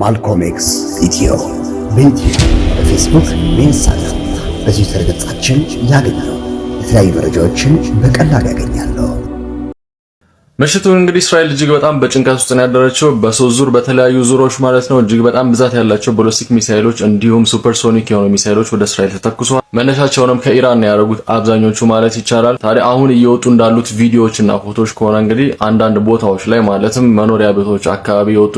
ማልኮም ኤክስ ኢትዮ በኢትዮ በፌስቡክ በኢንስታግራም በትዊተር ገጻችን ያገኛሉ። የተለያዩ መረጃዎችን በቀላሉ ያገኛሉ። ምሽቱን እንግዲህ እስራኤል እጅግ በጣም በጭንቀት ውስጥ ነው ያደረችው። በሶስት ዙር በተለያዩ ዙሮች ማለት ነው እጅግ በጣም ብዛት ያላቸው ቦሊስቲክ ሚሳይሎች እንዲሁም ሱፐርሶኒክ የሆኑ ሚሳይሎች ወደ እስራኤል ተተኩሰዋል። መነሻቸውንም ከኢራን ያደረጉት አብዛኞቹ ማለት ይቻላል። ታዲያ አሁን እየወጡ እንዳሉት ቪዲዮዎችና ፎቶዎች ከሆነ እንግዲህ አንዳንድ ቦታዎች ላይ ማለትም መኖሪያ ቤቶች አካባቢ የወጡ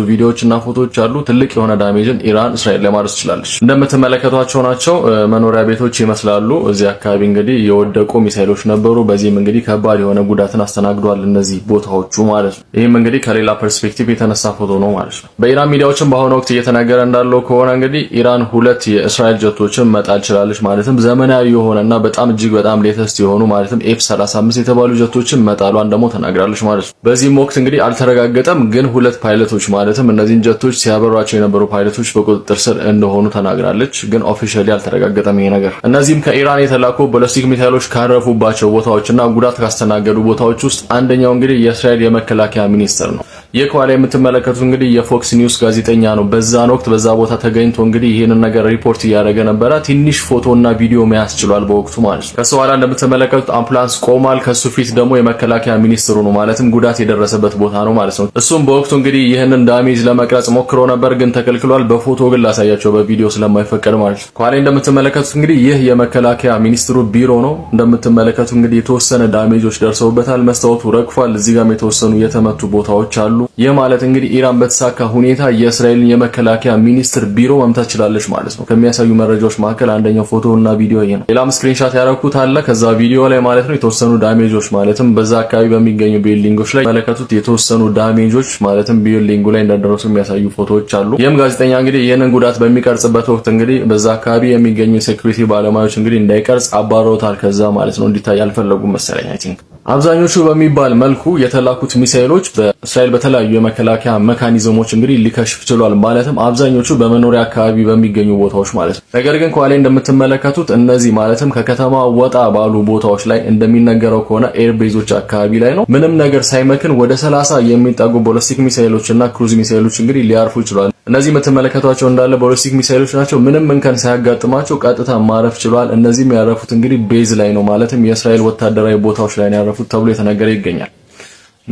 እና ፎቶዎች አሉ። ትልቅ የሆነ ዳሜጅን ኢራን እስራኤል ላይ ማድረስ ትችላለች። እንደምትመለከቷቸው ናቸው መኖሪያ ቤቶች ይመስላሉ። እዚህ አካባቢ እንግዲህ የወደቁ ሚሳይሎች ነበሩ። በዚህም እንግዲህ ከባድ የሆነ ጉዳትን አስተናግዷል እነዚህ ቦታ እቃዎቹ ማለት ነው። ይህም እንግዲህ ከሌላ ፐርስፔክቲቭ የተነሳ ፎቶ ነው ማለት ነው። በኢራን ሚዲያዎችም በአሁኑ ወቅት እየተነገረ እንዳለው ከሆነ እንግዲህ ኢራን ሁለት የእስራኤል ጀቶችን መጣል ችላለች። ማለትም ዘመናዊ የሆነና በጣም እጅግ በጣም ሌተስት የሆኑ ማለትም ኤፍ 35 የተባሉ ጀቶችን መጣሏን ደግሞ ተናግራለች ማለት ነው። በዚህም ወቅት እንግዲህ አልተረጋገጠም፣ ግን ሁለት ፓይለቶች ማለትም እነዚህን ጀቶች ሲያበሯቸው የነበሩ ፓይለቶች በቁጥጥር ስር እንደሆኑ ተናግራለች። ግን ኦፊሻሊ አልተረጋገጠም ይሄ ነገር። እነዚህም ከኢራን የተላኩ ባለስቲክ ሚሳይሎች ካረፉባቸው ቦታዎችና ጉዳት ካስተናገዱ ቦታዎች ውስጥ አንደኛው እንግዲህ የእስራኤል የመከላከያ ሚኒስትር ነው። የኳላ የምትመለከቱት እንግዲህ የፎክስ ኒውስ ጋዜጠኛ ነው። በዛን ወቅት በዛ ቦታ ተገኝቶ እንግዲህ ይህንን ነገር ሪፖርት እያደረገ ነበረ። ትንሽ ፎቶና ቪዲዮ መያዝ ችሏል በወቅቱ ማለት ነው። ከሱ ኋላ እንደምትመለከቱት አምፕላንስ ቆሟል። ከሱ ፊት ደግሞ የመከላከያ ሚኒስትሩ ነው፣ ማለትም ጉዳት የደረሰበት ቦታ ነው ማለት ነው። እሱም በወቅቱ እንግዲህ ይህንን ዳሜጅ ለመቅረጽ ሞክሮ ነበር፣ ግን ተከልክሏል። በፎቶ ግን ላሳያቸው በቪዲዮ ስለማይፈቀድ ማለት ነው። ኳላ እንደምትመለከቱት እንግዲህ ይህ የመከላከያ ሚኒስትሩ ቢሮ ነው። እንደምትመለከቱ እንግዲህ የተወሰነ ዳሜጆች ደርሰውበታል። መስታወቱ ረግፏል። እዚህ ጋም የተወሰኑ የተመቱ ቦታዎች አሉ። ይህ ማለት እንግዲህ ኢራን በተሳካ ሁኔታ የእስራኤልን የመከላከያ ሚኒስትር ቢሮ መምታት ችላለች ማለት ነው። ከሚያሳዩ መረጃዎች መካከል አንደኛው ፎቶ እና ቪዲዮ ይሄ ነው። ሌላም ስክሪንሻት ያረኩት አለ ከዛ ቪዲዮ ላይ ማለት ነው። የተወሰኑ ዳሜጆች ማለትም በዛ አካባቢ በሚገኙ ቢልዲንጎች ላይ መለከቱት የተወሰኑ ዳሜጆች ማለትም ቢልዲንጉ ላይ እንደደረሱ የሚያሳዩ ፎቶዎች አሉ። ይህም ጋዜጠኛ እንግዲህ ይህንን ጉዳት በሚቀርጽበት ወቅት እንግዲህ በዛ አካባቢ የሚገኙ ሴኩሪቲ ባለሙያዎች እንግዲህ እንዳይቀርጽ አባረውታል። ከዛ ማለት ነው እንዲታይ አልፈለጉም መሰለኝ አይ ቲንክ አብዛኞቹ በሚባል መልኩ የተላኩት ሚሳኤሎች በእስራኤል በተለያዩ የመከላከያ መካኒዝሞች እንግዲህ ሊከሽፍ ችሏል። ማለትም አብዛኞቹ በመኖሪያ አካባቢ በሚገኙ ቦታዎች ማለት ነው። ነገር ግን ከኋላ እንደምትመለከቱት እነዚህ ማለትም ከከተማ ወጣ ባሉ ቦታዎች ላይ እንደሚነገረው ከሆነ ኤርቤዞች አካባቢ ላይ ነው ምንም ነገር ሳይመክን ወደ ሰላሳ የሚጠጉ ቦለስቲክ ሚሳኤሎች እና ክሩዝ ሚሳኤሎች እንግዲህ ሊያርፉ ይችሏል። እነዚህ የምትመለከቷቸው እንዳለ ባሊስቲክ ሚሳይሎች ናቸው። ምንም እንከን ሳያጋጥማቸው ቀጥታ ማረፍ ችሏል። እነዚህም ያረፉት እንግዲህ ቤዝ ላይ ነው፣ ማለትም የእስራኤል ወታደራዊ ቦታዎች ላይ ነው ያረፉት ተብሎ የተነገረ ይገኛል።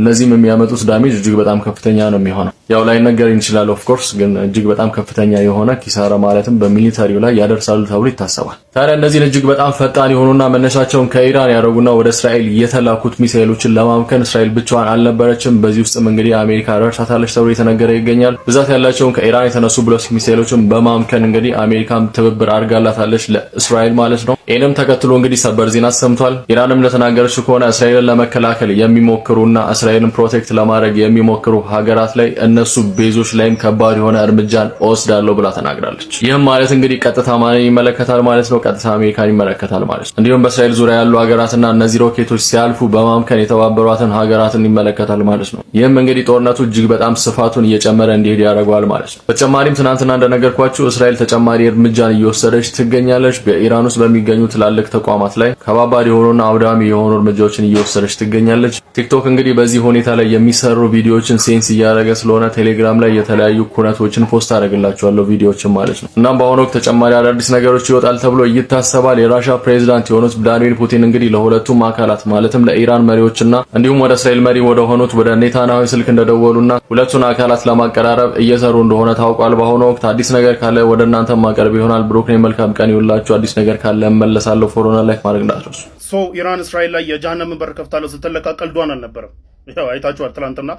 እነዚህም የሚያመጡት ዳሜጅ እጅግ በጣም ከፍተኛ ነው የሚሆነው። ያው ላይ ነገር ይችላል ኦፍ ኮርስ ግን እጅግ በጣም ከፍተኛ የሆነ ኪሳራ ማለትም በሚሊታሪው ላይ ያደርሳሉ ተብሎ ይታሰባል። ታዲያ እነዚህን እጅግ በጣም ፈጣን የሆኑና መነሻቸውን ከኢራን ያደረጉና ወደ እስራኤል የተላኩት ሚሳኤሎችን ለማምከን እስራኤል ብቻዋን አልነበረችም። በዚህ ውስጥም እንግዲህ አሜሪካ ረድሳታለች ተብሎ የተነገረ ይገኛል። ብዛት ያላቸውን ከኢራን የተነሱ ብሎስቲክ ሚሳኤሎችን በማምከን እንግዲህ አሜሪካም ትብብር አድርጋላታለች ለእስራኤል ማለት ነው። ይህንም ተከትሎ እንግዲህ ሰበር ዜና ሰምቷል። ኢራንም እንደተናገረችው ከሆነ እስራኤልን ለመከላከል የሚሞክሩና እስራኤልን ፕሮቴክት ለማድረግ የሚሞክሩ ሀገራት ላይ በእነሱ ቤዞች ላይም ከባድ የሆነ እርምጃን እወስዳለሁ ብላ ተናግራለች። ይህም ማለት እንግዲህ ቀጥታ ማንን ይመለከታል ማለት ነው? ቀጥታ አሜሪካን ይመለከታል ማለት ነው። እንዲሁም በእስራኤል ዙሪያ ያሉ ሀገራትና እነዚህ ሮኬቶች ሲያልፉ በማምከን የተባበሯትን ሀገራትን ይመለከታል ማለት ነው። ይህም እንግዲህ ጦርነቱ እጅግ በጣም ስፋቱን እየጨመረ እንዲሄድ ያደርገዋል ማለት ነው። በተጨማሪም ትናንትና እንደነገርኳችሁ እስራኤል ተጨማሪ እርምጃን እየወሰደች ትገኛለች። በኢራን ውስጥ በሚገኙ ትላልቅ ተቋማት ላይ ከባባድ የሆኑና አውዳሚ የሆኑ እርምጃዎችን እየወሰደች ትገኛለች። ቲክቶክ እንግዲህ በዚህ ሁኔታ ላይ የሚሰሩ ቪዲዮዎችን ሴንስ እያደረገ ስለሆነ ቴሌግራም ላይ የተለያዩ ኩነቶችን ፖስት አደርግላችኋለሁ ቪዲዮዎችን ማለት ነው። እናም በአሁኑ ወቅት ተጨማሪ አዳዲስ ነገሮች ይወጣል ተብሎ ይታሰባል። የራሻ ፕሬዚዳንት የሆኑት ቭላዲሚር ፑቲን እንግዲህ ለሁለቱም አካላት ማለትም ለኢራን መሪዎችና እንዲሁም ወደ እስራኤል መሪ ወደ ሆኑት ወደ ኔታንያሁ ስልክ እንደደወሉና ሁለቱን አካላት ለማቀራረብ እየሰሩ እንደሆነ ታውቋል። በአሁኑ ወቅት አዲስ ነገር ካለ ወደ እናንተ ማቀርብ ይሆናል። ብሩክኔ መልካም ቀን ይውላችሁ። አዲስ ነገር ካለ እመለሳለሁ። ፎሮና ላይ ማድረግ እንዳትረሱ። ሶ ኢራን እስራኤል ላይ የጀሃነም በር ከፍታለሁ ስትለቃቀል ዷን አልነበረም። ያው አይታችኋል ትላንትና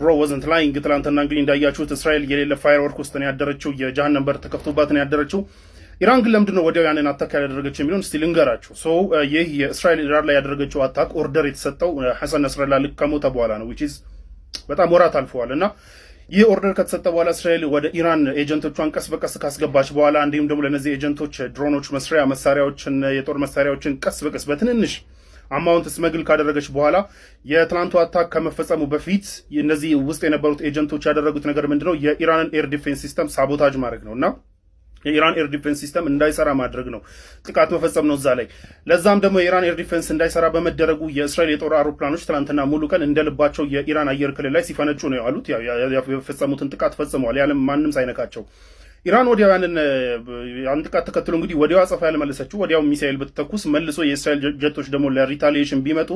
ብሮ ወዘንት ላይንግ። ትላንትና እንግዲህ እንዳያችሁት እስራኤል የሌለ ፋየርወርክ ውስጥ ነው ያደረችው። የጀሃነም በር ተከፍቶባት ነው ያደረችው። ኢራን ግን ለምንድን ነው ወዲያው ያንን አታክ ያደረገችው የሚለውን እስቲ ልንገራችሁ። ሶ ይህ የእስራኤል ኢራን ላይ ያደረገችው አታክ ኦርደር የተሰጠው ሐሰን ነስረላ ልክ ከሞተ በኋላ ነው ዊች ኢዝ በጣም ወራት አልፈዋል እና ይህ ኦርደር ከተሰጠ በኋላ እስራኤል ወደ ኢራን ኤጀንቶቿን ቀስ በቀስ ካስገባች በኋላ እንዲሁም ደግሞ ለእነዚህ ኤጀንቶች ድሮኖች መስሪያ መሳሪያዎችን፣ የጦር መሳሪያዎችን ቀስ በቀስ በትንንሽ አማውንት ስመግል ካደረገች በኋላ የትናንቱ አታክ ከመፈጸሙ በፊት እነዚህ ውስጥ የነበሩት ኤጀንቶች ያደረጉት ነገር ምንድነው? የኢራንን ኤር ዲፌንስ ሲስተም ሳቦታጅ ማድረግ ነው እና የኢራን ኤር ዲፌንስ ሲስተም እንዳይሰራ ማድረግ ነው፣ ጥቃት መፈጸም ነው እዛ ላይ። ለዛም ደግሞ የኢራን ኤር ዲፌንስ እንዳይሰራ በመደረጉ የእስራኤል የጦር አውሮፕላኖች ትናንትና ሙሉ ቀን እንደልባቸው የኢራን አየር ክልል ላይ ሲፈነጩ ነው ያሉት። የፈጸሙትን ጥቃት ፈጽመዋል፣ ያለም ማንም ሳይነካቸው ኢራን ወዲያው ያንን አንድ ጥቃት ተከትሎ እንግዲህ ወዲያው አጸፋ ያልመለሰችው ወዲያው ሚሳኤል ብትተኩስ መልሶ የእስራኤል ጀቶች ደግሞ ለሪታሊሽን ቢመጡ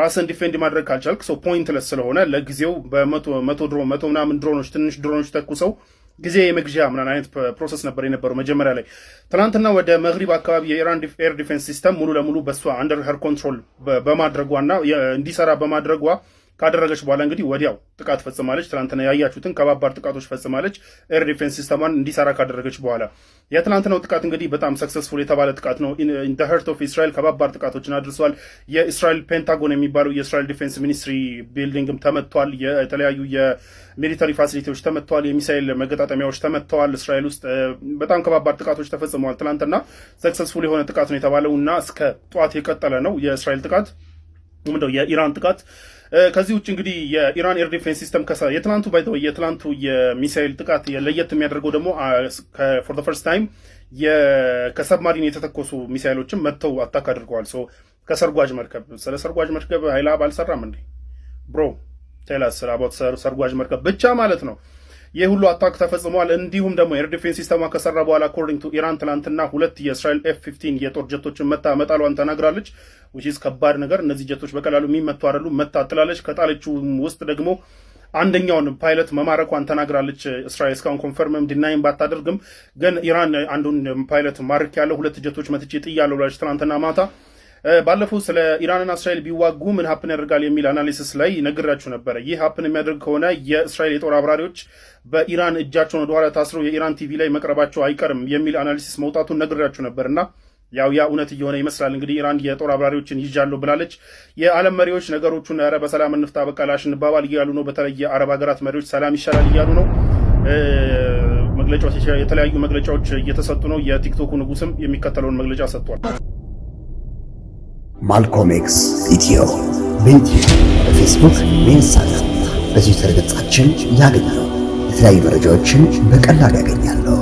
ራስን ዲፌንድ ማድረግ ካልቻልክ ሰው ፖይንትለስ ስለሆነ ለጊዜው በመቶ ድሮ መቶ ምናምን ድሮኖች ትንሽ ድሮኖች ተኩሰው ጊዜ የመግዣ ምናን አይነት ፕሮሰስ ነበር የነበረው መጀመሪያ ላይ። ትናንትና ወደ መግሪብ አካባቢ የኢራን ኤር ዲፌንስ ሲስተም ሙሉ ለሙሉ በእሷ አንደር ሄር ኮንትሮል በማድረጓና እንዲሰራ በማድረጓ ካደረገች በኋላ እንግዲህ ወዲያው ጥቃት ፈጽማለች። ትናንትና ያያችሁትን ከባባድ ጥቃቶች ፈጽማለች። ኤር ዲፌንስ ሲስተሟን እንዲሰራ ካደረገች በኋላ የትናንትናው ጥቃት እንግዲህ በጣም ሰክሰስፉል የተባለ ጥቃት ነው። ኢን ዘ ሄርት ኦፍ እስራኤል ከባባድ ጥቃቶችን አድርሷል። የእስራኤል ፔንታጎን የሚባለው የእስራኤል ዲፌንስ ሚኒስትሪ ቢልዲንግም ተመቷል። የተለያዩ የሚሊተሪ ፋሲሊቲዎች ተመተዋል። የሚሳይል መገጣጠሚያዎች ተመተዋል። እስራኤል ውስጥ በጣም ከባባድ ጥቃቶች ተፈጽመዋል። ትናንትና ሰክሰስፉል የሆነ ጥቃት ነው የተባለው እና እስከ ጠዋት የቀጠለ ነው የእስራኤል ጥቃት ምንድነው የኢራን ጥቃት ከዚህ ውጭ እንግዲህ የኢራን ኤር ዲፌንስ ሲስተም የትላንቱ ባይ የትላንቱ የሚሳይል ጥቃት ለየት የሚያደርገው ደግሞ ፎር ፈርስት ታይም ከሰብማሪን የተተኮሱ ሚሳይሎችም መጥተው አታክ አድርገዋል። ከሰርጓጅ መርከብ ስለ ሰርጓጅ መርከብ ሀይል አልሰራም እንዴ ብሮ ቴላስ ስለ ሰርጓጅ መርከብ ብቻ ማለት ነው። ይህ ሁሉ አታክ ተፈጽሟል። እንዲሁም ደግሞ ኤር ዲፌንስ ሲስተማ ከሰራ በኋላ አኮርዲንግ ቱ ኢራን ትላንትና ሁለት የእስራኤል ኤፍ 15 የጦር ጀቶችን መታ መጣሏን ተናግራለች። ዊችዝ ከባድ ነገር። እነዚህ ጀቶች በቀላሉ የሚመቱ አይደሉ። መታ ጥላለች። ከጣለችውም ውስጥ ደግሞ አንደኛውን ፓይለት መማረኳን ተናግራለች። እስራኤል እስካሁን ኮንፈርምም ዲናይም ባታደርግም ግን ኢራን አንዱን ፓይለት ማርክ ያለው ሁለት ጀቶች መትቼ ጥያለሁ ብላለች ትናንትና ማታ ባለፈው ስለ ኢራንና እስራኤል ቢዋጉ ምን ሀፕን ያደርጋል የሚል አናሊሲስ ላይ ነግራችሁ ነበረ። ይህ ሀፕን የሚያደርግ ከሆነ የእስራኤል የጦር አብራሪዎች በኢራን እጃቸውን ወደኋላ ታስረው የኢራን ቲቪ ላይ መቅረባቸው አይቀርም የሚል አናሊሲስ መውጣቱን ነግራችሁ ነበር እና ያው ያ እውነት እየሆነ ይመስላል። እንግዲህ ኢራን የጦር አብራሪዎችን ይዣለሁ ብላለች። የዓለም መሪዎች ነገሮቹን ኧረ በሰላም እንፍታ በቃ ላሽ እያሉ ነው። በተለይ የአረብ ሀገራት መሪዎች ሰላም ይሻላል እያሉ ነው። መግለጫዎች የተለያዩ መግለጫዎች እየተሰጡ ነው። የቲክቶኩ ንጉስም የሚከተለውን መግለጫ ሰጥቷል። ማልኮሜክስ ኢትዮ በዩትዩብ በፌስቡክ በኢንስታግራም በትዊተር ገጻችን ያገኛሉ። የተለያዩ መረጃዎችን በቀላሉ ያገኛሉ።